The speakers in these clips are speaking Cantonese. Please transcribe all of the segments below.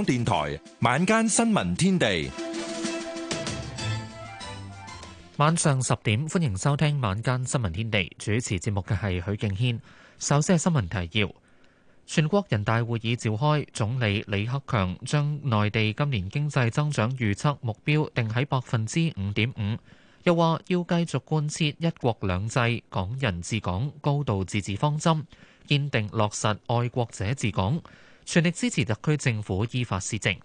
港電台晚間新聞天地，晚上十點歡迎收聽晚間新聞天地。主持節目嘅係許敬軒。首先係新聞提要：全國人大會議召開，總理李克強將內地今年經濟增長預測目標定喺百分之五點五，又話要繼續貫徹一國兩制、港人治港、高度自治方針，堅定落實愛國者治港。全力支持特區政府依法施政。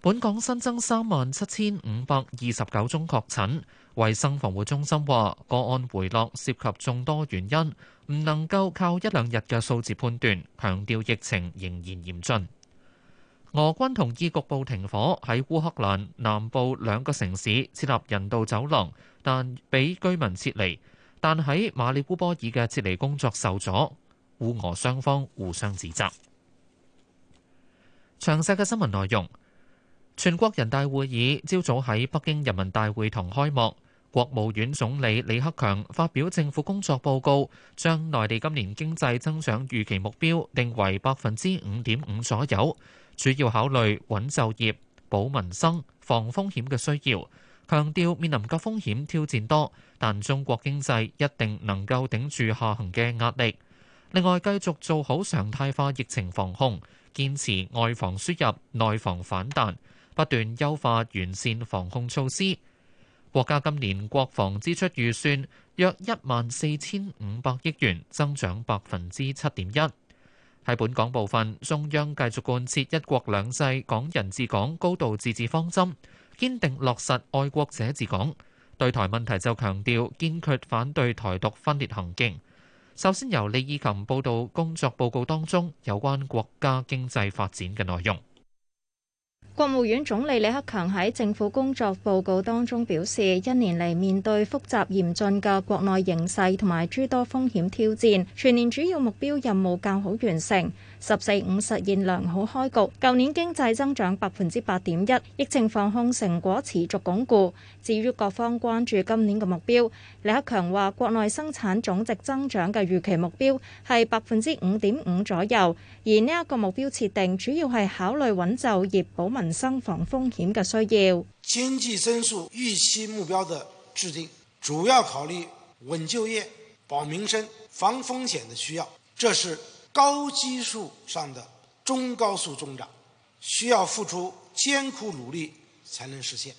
本港新增三萬七千五百二十九宗確診，衞生防護中心話個案回落涉及眾多原因，唔能夠靠一兩日嘅數字判斷，強調疫情仍然嚴峻。俄軍同意局部停火喺烏克蘭南部兩個城市設立人道走廊，但俾居民撤離，但喺馬里烏波爾嘅撤離工作受阻，烏俄雙方互相指責。詳細嘅新聞內容。全國人大會議朝早喺北京人民大會堂開幕，國務院總理李克強發表政府工作報告，將內地今年經濟增長預期目標定為百分之五點五左右，主要考慮穩就業、保民生、防風險嘅需要，強調面臨嘅風險挑戰多，但中國經濟一定能夠頂住下行嘅壓力。另外，繼續做好常態化疫情防控。堅持外防輸入、內防反彈，不斷優化完善防控措施。國家今年國防支出預算約一萬四千五百億元，增長百分之七點一。喺本港部分，中央繼續貫徹一國兩制、港人治港、高度自治方針，堅定落實愛國者治港。對台問題就強調堅決反對台獨分裂行徑。首先由李義琴報道工作報告當中有關國家經濟發展嘅內容。國務院總理李克強喺政府工作報告當中表示，一年嚟，面對複雜嚴峻嘅國內形勢同埋諸多風險挑戰，全年主要目標任務較好完成，十四五實現良好開局。舊年經濟增長百分之八點一，疫情防控成果持續鞏固。至於各方關注今年嘅目標，李克強話，國內生產總值增長嘅預期目標係百分之五點五左右，而呢一個目標設定主要係考慮穩就業、保民。民生防風險的需要，經濟增速預期目標的制定，主要考慮穩就業、保民生、防風險的需要。這是高基數上的中高速增長，需要付出艱苦努力才能實現。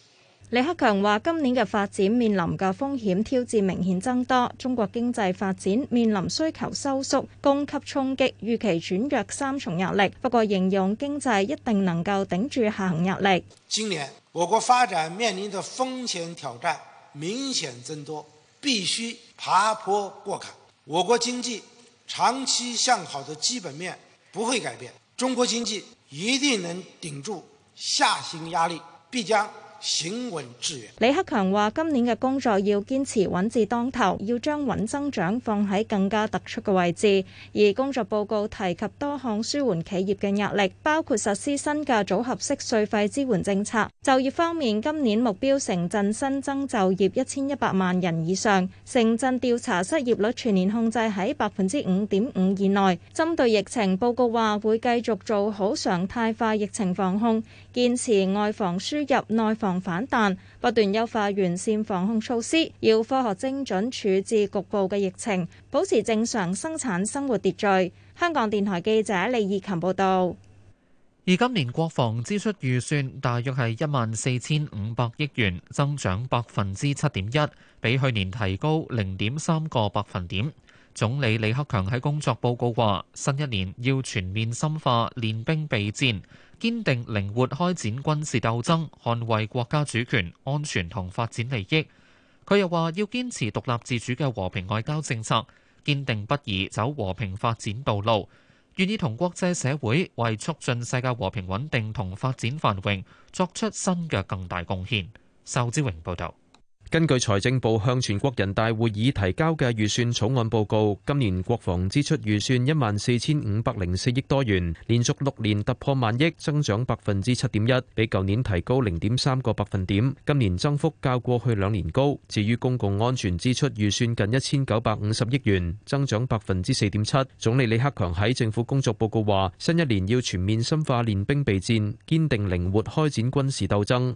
李克強話：今年嘅發展面臨嘅風險挑戰明顯增多，中國經濟發展面臨需求收縮、供給衝擊、預期轉弱三重壓力。不過，形容經濟一定能夠頂住下行壓力。今年，我國發展面臨嘅風險挑戰明顯增多，必須爬坡過坎。我國經濟長期向好的基本面不會改變，中國經濟一定能頂住下行壓力，必將。行李克強話：今年嘅工作要堅持穩字當頭，要將穩增長放喺更加突出嘅位置。而工作報告提及多項舒緩企業嘅壓力，包括實施新嘅組合式稅費支援政策。就業方面，今年目標城鎮新增就業一千一百萬人以上，城鎮調查失業率全年控制喺百分之五點五以內。針對疫情，報告話會繼續做好常態化疫情防控，堅持外防輸入、內防。防反彈，不斷優化完善防控措施，要科學精準處置局部嘅疫情，保持正常生產生活秩序。香港電台記者李義勤報道。而今年國防支出預算大約係一萬四千五百億元，增長百分之七點一，比去年提高零點三個百分點。總理李克強喺工作報告話：新一年要全面深化練兵備戰，堅定靈活開展軍事鬥爭，捍衛國家主權、安全同發展利益。佢又話要堅持獨立自主嘅和平外交政策，堅定不移走和平發展道路，願意同國際社會為促進世界和平穩定同發展繁榮作出新嘅更大貢獻。仇志榮報道。根據財政部向全國人大會議提交嘅預算草案報告，今年國防支出預算一萬四千五百零四億多元，連續六年突破萬億，增長百分之七點一，比舊年提高零點三個百分點，今年增幅較過去兩年高。至於公共安全支出預算近一千九百五十億元，增長百分之四點七。總理李克強喺政府工作報告話：新一年要全面深化練兵備戰，堅定靈活開展軍事鬥爭。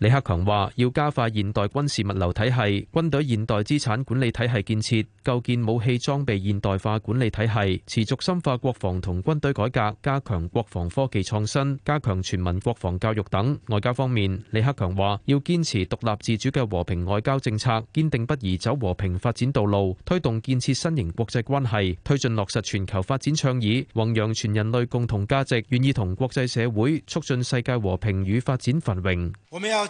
李克強話：要加快現代軍事物流體系、軍隊現代資產管理體系建設，構建武器裝備現代化管理體系，持續深化國防同軍隊改革，加強國防科技創新，加強全民國防教育等。外交方面，李克強話：要堅持獨立自主嘅和平外交政策，堅定不移走和平發展道路，推動建設新型國際關係，推進落實全球發展倡議，弘揚全人類共同價值，願意同國際社會促進世界和平與發展繁榮。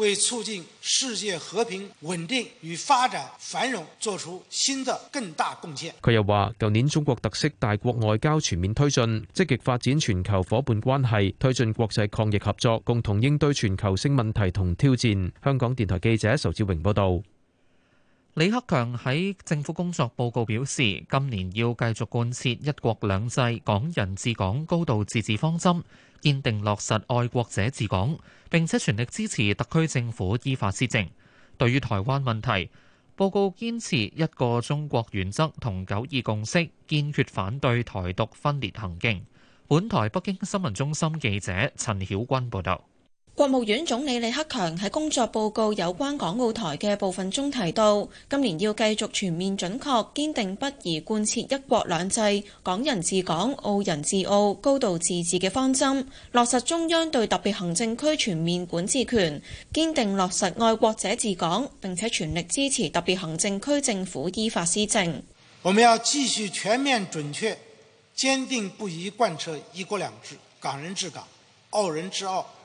為促進世界和平、穩定與發展繁榮作出新的更大貢獻。佢又話，舊年中國特色大國外交全面推進，積極發展全球伙伴關係，推進國際抗疫合作，共同應對全球性問題同挑戰。香港電台記者仇志榮報道。李克強喺政府工作報告表示，今年要繼續貫徹一國兩制、港人治港、高度自治方針。堅定落實愛國者治港，並且全力支持特區政府依法施政。對於台灣問題，報告堅持一個中國原則同九二共識，堅決反對台獨分裂行徑。本台北京新聞中心記者陳曉君報道。國務院總理李克強喺工作報告有關港澳台嘅部分中提到，今年要繼續全面準確、堅定不移貫徹一國兩制、港人治港、澳人治澳、高度自治嘅方針，落實中央對特別行政區全面管治權，堅定落實愛國者治港，並且全力支持特別行政區政府依法施政。我們要繼續全面準確、堅定不移貫徹一國兩制、港人治港、澳人治澳。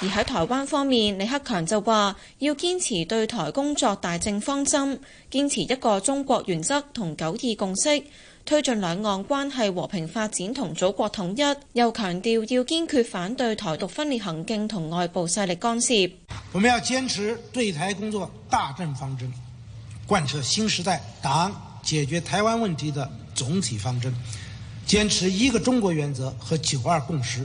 而喺台灣方面，李克強就話要堅持對台工作大政方針，堅持一個中國原則同九二共識，推進兩岸關係和平發展同祖國統一。又強調要堅決反對台獨分裂行徑同外部勢力干涉。我們要堅持對台工作大政方針，貫徹新時代黨解決台灣問題的總體方針，堅持一個中國原則和九二共識。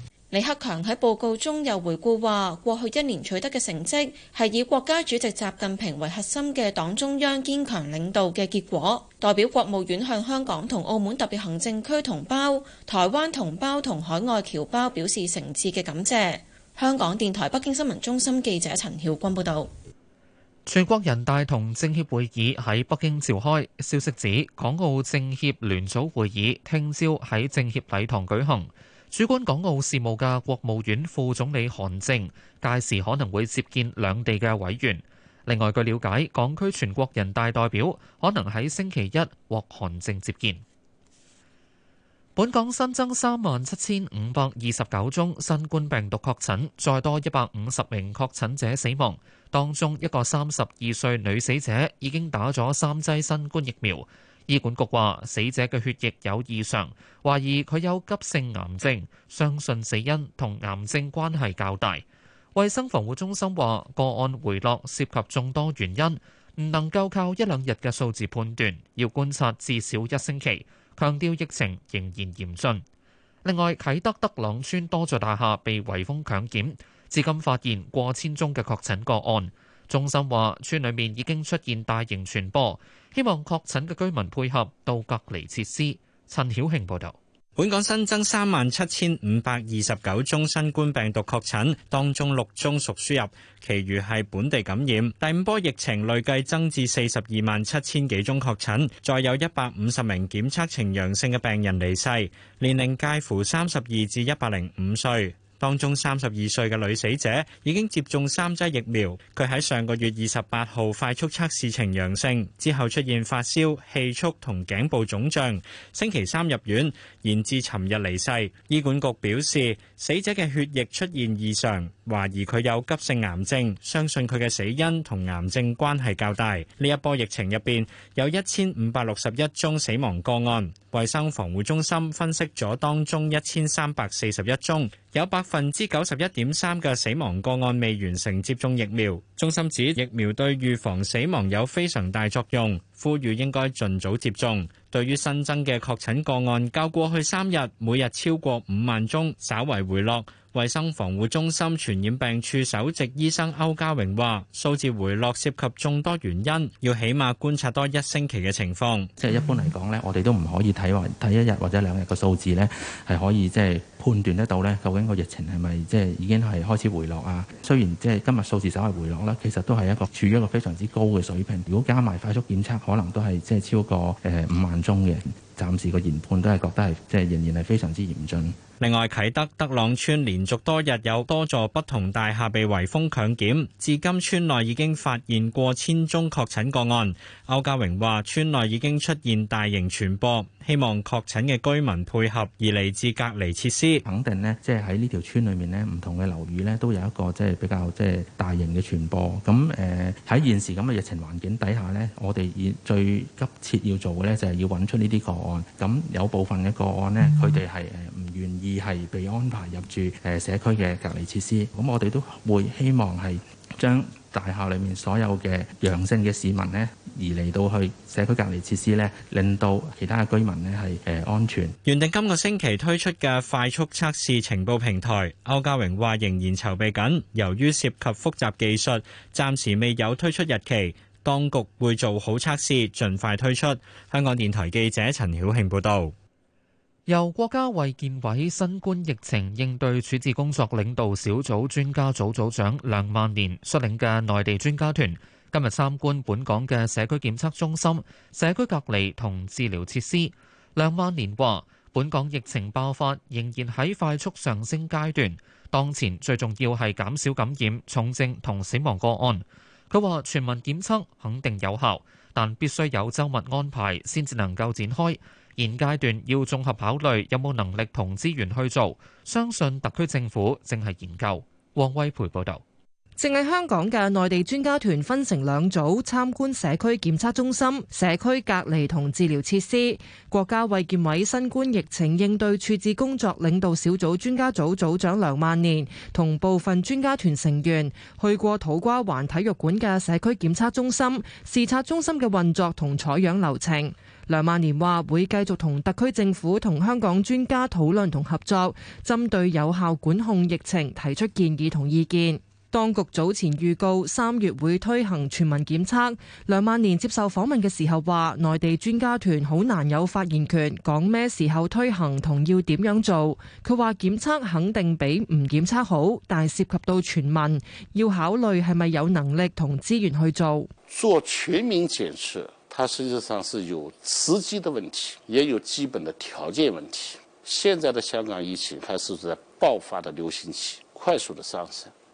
李克強喺報告中又回顧話：過去一年取得嘅成績係以國家主席習近平為核心嘅黨中央堅強領導嘅結果。代表國務院向香港同澳門特別行政區同胞、台灣同胞同海外僑胞表示誠摯嘅感謝。香港電台北京新聞中心記者陳曉君報道。全國人大同政協會議喺北京召開，消息指港澳政協聯組會議聽朝喺政協禮堂舉行。主管港澳事務嘅國務院副總理韓正屆時可能會接見兩地嘅委員。另外，據了解，港區全國人大代表可能喺星期一獲韓正接見。本港新增三萬七千五百二十九宗新冠病毒確診，再多一百五十名確診者死亡，當中一個三十二歲女死者已經打咗三劑新冠疫苗。醫管局話死者嘅血液有異常，懷疑佢有急性癌症，相信死因同癌症關係較大。衛生防護中心話個案回落涉及眾多原因，唔能夠靠一兩日嘅數字判斷，要觀察至少一星期，強調疫情仍然嚴峻。另外，啟德德朗村多座大廈被圍封強檢，至今發現過千宗嘅確診個案。中心話：村裏面已經出現大型傳播，希望確診嘅居民配合到隔離設施。陳曉慶報導。本港新增三萬七千五百二十九宗新冠病毒確診，當中六宗屬輸入，其餘係本地感染。第五波疫情累計增至四十二萬七千幾宗確診，再有一百五十名檢測呈陽性嘅病人離世，年齡介乎三十二至一百零五歲。當中三十二歲嘅女死者已經接種三劑疫苗，佢喺上個月二十八號快速測試呈陽性，之後出現發燒、氣促同頸部腫脹，星期三入院，延至尋日離世。醫管局表示，死者嘅血液出現異常。懷疑佢有急性癌症，相信佢嘅死因同癌症關係較大。呢一波疫情入邊有一千五百六十一宗死亡個案，衛生防護中心分析咗當中一千三百四十一宗，有百分之九十一點三嘅死亡個案未完成接種疫苗。中心指疫苗對預防死亡有非常大作用，呼籲應該盡早接種。對於新增嘅確診個案較過去三日每日超過五萬宗，稍為回落。衛生防護中心傳染病處首席醫生歐家榮話：數字回落涉及眾多原因，要起碼觀察多一星期嘅情況。即係一般嚟講呢，我哋都唔可以睇話睇一日或者兩日嘅數字呢，係可以即係判斷得到呢，究竟個疫情係咪即係已經係開始回落啊？雖然即係今日數字稍為回落啦，其實都係一個處於一個非常之高嘅水平。如果加埋快速檢測，可能都係即係超過誒五萬宗嘅。暫時個研判都係覺得係即係仍然係非常之嚴峻。另外，啟德德，德朗村連續多日有多座不同大廈被圍封強檢，至今村內已經發現過千宗確診個案。歐家榮話：村內已經出現大型傳播，希望確診嘅居民配合而嚟自隔離設施。肯定呢，即係喺呢條村裏面呢，唔同嘅樓宇呢，都有一個即係比較即係大型嘅傳播。咁誒喺現時咁嘅疫情環境底下呢，我哋最急切要做嘅呢，就係、是、要揾出呢啲個案。咁有部分嘅個案呢，佢哋係唔願意係被安排入住社區嘅隔離設施，咁我哋都會希望係將大廈裏面所有嘅陽性嘅市民呢，移離到去社區隔離設施呢，令到其他嘅居民呢，係安全。原定今個星期推出嘅快速測試情報平台，歐家榮話仍然籌備緊，由於涉及複雜技術，暫時未有推出日期。當局會做好測試，盡快推出。香港電台記者陳曉慶報道：「由國家衛健委新冠疫情應對處置工作領導小組專家組組長梁萬年率領嘅內地專家團，今日參觀本港嘅社區檢測中心、社區隔離同治療設施。梁萬年話：本港疫情爆發仍然喺快速上升階段，當前最重要係減少感染、重症同死亡個案。佢話：全民檢測肯定有效，但必須有週密安排先至能夠展開。現階段要綜合考慮有冇能力同資源去做，相信特區政府正係研究。王威培報導。正係香港嘅內地專家團分成兩組參觀社區檢測中心、社區隔離同治療設施。國家衛健委新冠疫情應對處置工作領導小組專家組組長梁萬年同部分專家團成員去過土瓜灣體育館嘅社區檢測中心，視察中心嘅運作同採樣流程。梁萬年話會繼續同特區政府同香港專家討論同合作，針對有效管控疫情提出建議同意見。當局早前預告三月會推行全民檢測。梁萬年接受訪問嘅時候話，內地專家團好難有發言權，講咩時候推行同要點樣做。佢話檢測肯定比唔檢測好，但是涉及到全民，要考慮係咪有能力同資源去做做全民檢測。它實際上是有時機的問題，也有基本的條件問題。現在的香港疫情還是在爆發的流行期，快速的上升。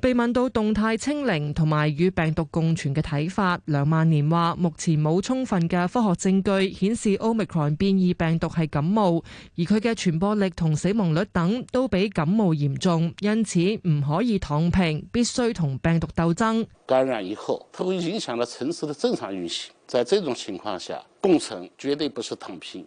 被問到動態清零同埋與病毒共存嘅睇法，梁萬年話：目前冇充分嘅科學證據顯示 Omicron 變異病毒係感冒，而佢嘅傳播力同死亡率等都比感冒嚴重，因此唔可以躺平，必須同病毒鬥爭。感染以後，它會影響到城市的正常運行，在這種情況下，共存絕對不是躺平。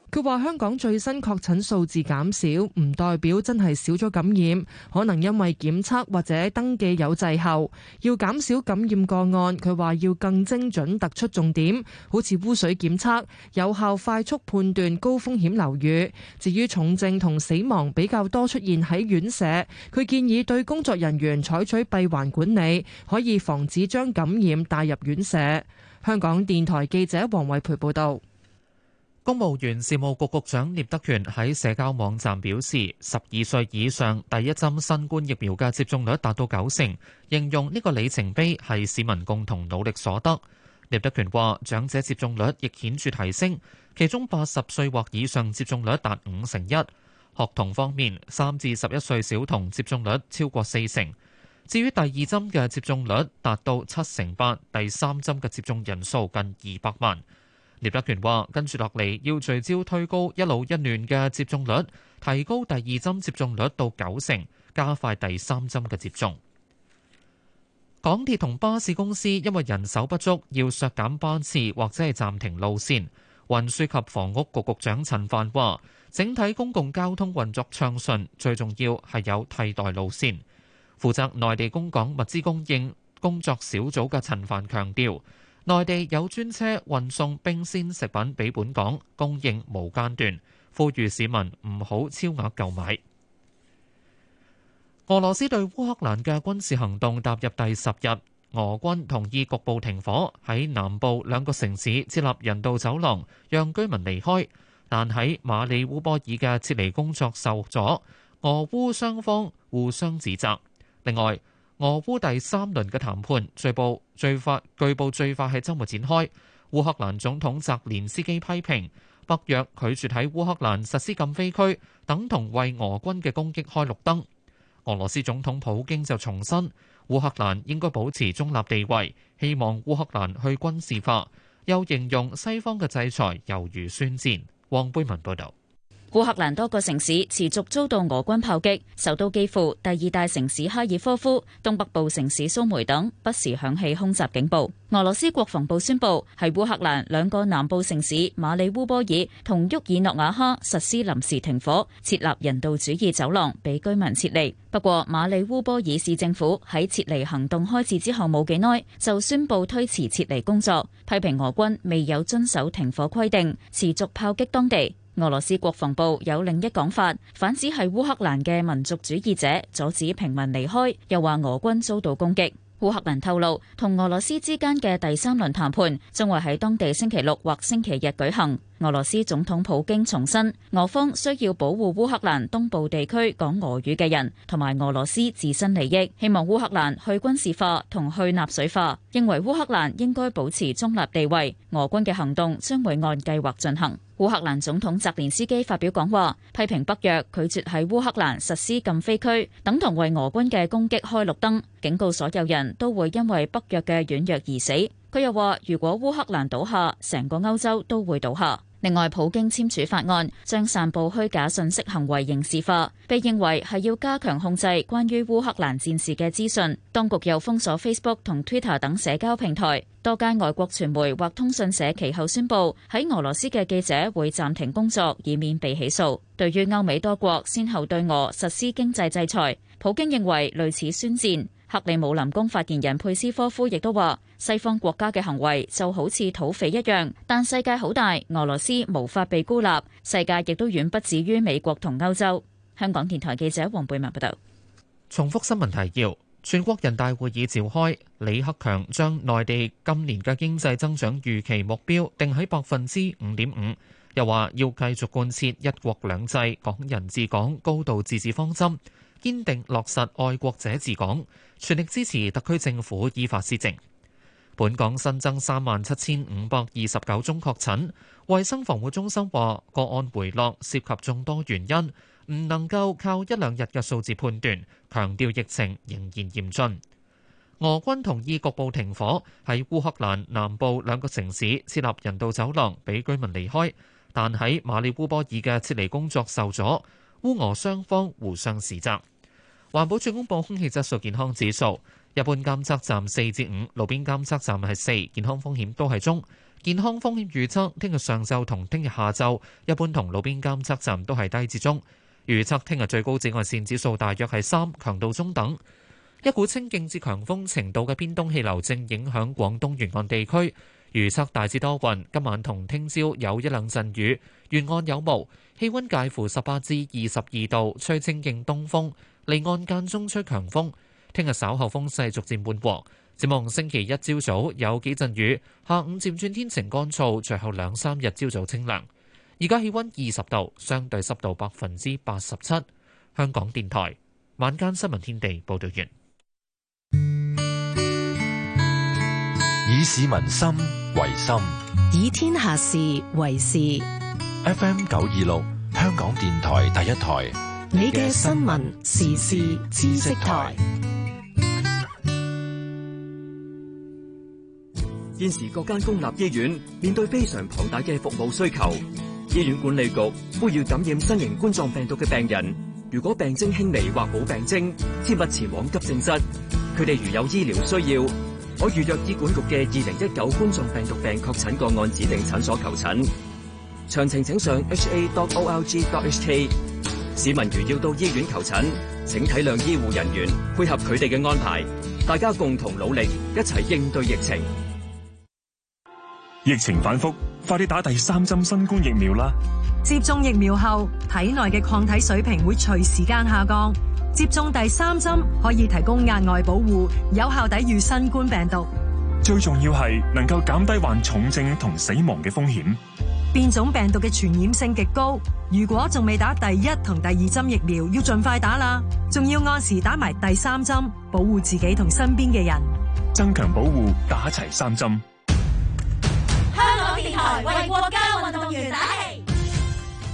佢話：香港最新確診數字減少，唔代表真係少咗感染，可能因為檢測或者登記有滯後。要減少感染個案，佢話要更精準突出重點，好似污水檢測，有效快速判斷高風險樓宇。至於重症同死亡比較多出現喺院舍，佢建議對工作人員採取閉環管理，可以防止將感染帶入院舍。香港電台記者黃偉培報道。公務員事務局局長聶德權喺社交網站表示，十二歲以上第一針新冠疫苗嘅接種率達到九成，形容呢個里程碑係市民共同努力所得。聶德權話，長者接種率亦顯著提升，其中八十歲或以上接種率達五成一。學童方面，三至十一歲小童接種率超過四成。至於第二針嘅接種率達到七成八，第三針嘅接種人數近二百萬。聶德權話：跟住落嚟要聚焦推高一路一亂嘅接種率，提高第二針接種率到九成，加快第三針嘅接種。港鐵同巴士公司因為人手不足，要削減班次或者係暫停路綫。運輸及房屋局局長陳帆話：整體公共交通運作暢順，最重要係有替代路線。負責內地公港物資供應工作小組嘅陳帆強調。內地有專車運送冰鮮食品俾本港，供應無間斷。呼籲市民唔好超額購買。俄羅斯對烏克蘭嘅軍事行動踏入第十日，俄軍同意局部停火，喺南部兩個城市設立人道走廊，讓居民離開。但喺馬里烏波爾嘅撤離工作受阻，俄烏雙方互相指責。另外，俄烏第三輪嘅談判，最報最快，據報最快喺週末展開。烏克蘭總統澤連斯基批評，北約拒絕喺烏克蘭實施禁飛區，等同為俄軍嘅攻擊開綠燈。俄羅斯總統普京就重申，烏克蘭應該保持中立地位，希望烏克蘭去軍事化，又形容西方嘅制裁猶如宣戰。黃貝文報導。烏克蘭多個城市持續遭到俄軍炮擊，首都基輔、第二大城市哈爾科夫、東北部城市蘇梅等不時響起空襲警報。俄羅斯國防部宣布，喺烏克蘭兩個南部城市馬里烏波爾同沃爾諾瓦哈實施臨時停火，設立人道主義走廊，俾居民撤離。不過，馬里烏波爾市政府喺撤離行動開始之後冇幾耐就宣布推遲撤離工作，批評俄軍未有遵守停火規定，持續炮擊當地。俄羅斯國防部有另一講法，反指係烏克蘭嘅民族主義者阻止平民離開，又話俄軍遭到攻擊。烏克蘭透露，同俄羅斯之間嘅第三輪談判將會喺當地星期六或星期日舉行。俄羅斯總統普京重申，俄方需要保護烏克蘭東部地區講俄語嘅人，同埋俄羅斯自身利益。希望烏克蘭去軍事化同去納粹化，認為烏克蘭應該保持中立地位。俄軍嘅行動將會按計劃進行。烏克蘭總統澤連斯基發表講話，批評北約拒絕喺烏克蘭實施禁飛區，等同為俄軍嘅攻擊開綠燈，警告所有人都會因為北約嘅軟弱而死。佢又話，如果烏克蘭倒下，成個歐洲都會倒下。另外，普京簽署法案，將散布虛假信息行為刑事化，被認為係要加強控制關於烏克蘭戰事嘅資訊。當局又封鎖 Facebook 同 Twitter 等社交平台。多間外國傳媒或通訊社其後宣布，喺俄羅斯嘅記者會暫停工作，以免被起訴。對於歐美多國先後對俄實施經濟制裁，普京認為類似宣戰。克里姆林宮發言人佩斯科夫亦都話：西方國家嘅行為就好似土匪一樣，但世界好大，俄羅斯無法被孤立，世界亦都遠不止於美國同歐洲。香港電台記者黃貝文報道。重複新聞提要：全國人大會議召開，李克強將內地今年嘅經濟增長預期目標定喺百分之五點五，又話要繼續貫徹一國兩制、港人治港、高度自治方針。堅定落實愛國者治港，全力支持特區政府依法施政。本港新增三萬七千五百二十九宗確診，衛生防護中心話個案回落涉及眾多原因，唔能夠靠一兩日嘅數字判斷，強調疫情仍然嚴峻。俄軍同意局部停火，喺烏克蘭南部兩個城市設立人道走廊俾居民離開，但喺馬里烏波爾嘅撤離工作受阻，烏俄雙方互相指責。環保署公布空氣質素健康指數，一般監測站四至五，路邊監測站係四，健康風險都係中。健康風險預測聽日上晝同聽日下晝，一般同路邊監測站都係低至中。預測聽日最高紫外線指數大約係三，強度中等。一股清勁至強風程度嘅偏東氣流正影響廣東沿岸地區，預測大致多雲，今晚同聽朝有一兩陣雨，沿岸有霧，氣溫介乎十八至二十二度，吹清勁東風，離岸間中吹強風，聽日稍後風勢逐漸緩和，展望星期一朝早有幾陣雨，下午漸轉天晴乾燥，最後兩三日朝早清涼。而家氣溫二十度，相對濕度百分之八十七。香港電台晚間新聞天地報道完，以市民心為心，以天下事為事。FM 九二六，香港電台第一台。你嘅新聞時事知識台。現時各間公立醫院面對非常龐大嘅服務需求，醫院管理局呼籲感染新型冠狀病毒嘅病人，如果病徵輕微或冇病徵，切勿前往急症室。佢哋如有醫療需要，可預約醫管局嘅二零一九冠狀病毒病確診個案指定診所求診。詳情請上 ha.org.hk。市民如要到醫院求診，請體諒醫護人員，配合佢哋嘅安排，大家共同努力，一齊應對疫情。疫情反復，快啲打第三針新冠疫苗啦！接種疫苗後，體內嘅抗體水平會隨時間下降，接種第三針可以提供額外保護，有效抵禦新冠病毒。最重要係能夠減低患重症同死亡嘅風險。變種病毒嘅傳染性極高，如果仲未打第一同第二針疫苗，要盡快打啦，仲要按時打埋第三針，保護自己同身邊嘅人，增強保護，打齊三針。香港電台為國家運動員打氣。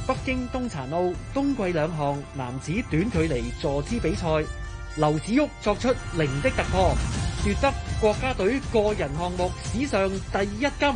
北京冬殘奧冬季兩項男子短距離坐姿比賽，劉子旭作出零的突破，奪得國家隊個人項目史上第一金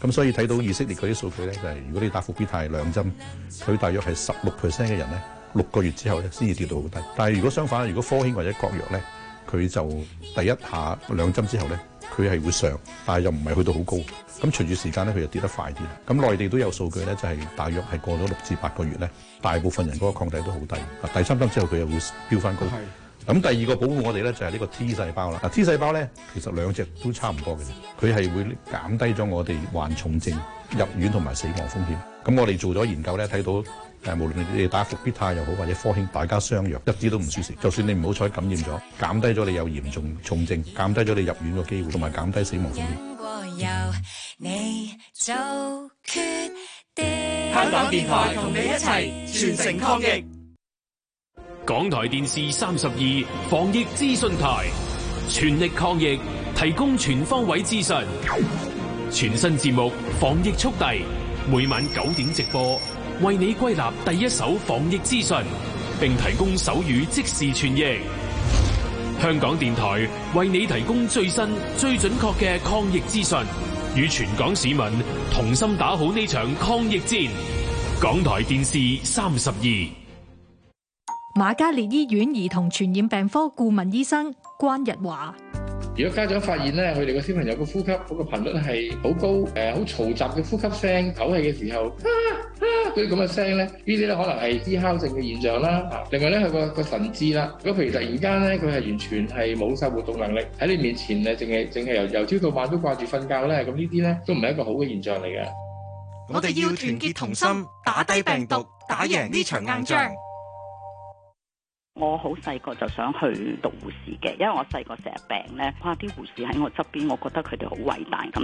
咁所以睇到以色列嗰啲數據咧，就係、是、如果你打復必泰兩針，佢大約係十六 percent 嘅人咧，六個月之後咧先至跌到好低。但係如果相反，如果科興或者國藥咧，佢就第一下兩針之後咧，佢係會上，但係又唔係去到好高。咁隨住時間咧，佢又跌得快啲。咁內地都有數據咧，就係、是、大約係過咗六至八個月咧，大部分人嗰個抗體都好低。啊，第三針之後，佢又會飆翻高。咁第二個保護我哋咧就係、是、呢個 T 細胞啦、啊。T 細胞咧其實兩隻都差唔多嘅啫。佢係會減低咗我哋患重症入院同埋死亡風險。咁我哋做咗研究咧，睇到誒、啊、無論你打復必泰又好，或者科興大家相若，一啲都唔輸蝕。就算你唔好彩感染咗，減低咗你有嚴重重症，減低咗你入院嘅機會，同埋減低死亡風險。港台電視三十二防疫資訊台，全力抗疫，提供全方位資訊。全新節目防疫速遞，每晚九點直播，為你歸納第一手防疫資訊，並提供手語即時傳譯。香港電台為你提供最新、最準確嘅抗疫資訊，與全港市民同心打好呢場抗疫戰。港台電視三十二。馬嘉烈醫院兒童傳染病科顧問醫生關日華：如果家長發現咧，佢哋個小朋友個呼吸嗰個頻率係好高，誒，好嘈雜嘅呼吸聲、唞氣嘅時候，嗰啲咁嘅聲咧，呢啲咧可能係支哮症嘅現象啦。另外咧，佢個個神志啦，如果譬如突然間咧，佢係完全係冇晒活動能力，喺你面前誒，淨係淨係由由朝到晚都掛住瞓覺咧，咁呢啲咧都唔係一個好嘅現象嚟嘅。我哋要團結同心，打低病毒，打贏呢場硬仗。我好細個就想去讀護士嘅，因為我細個成日病咧，怕啲護士喺我側邊，我覺得佢哋好偉大咁。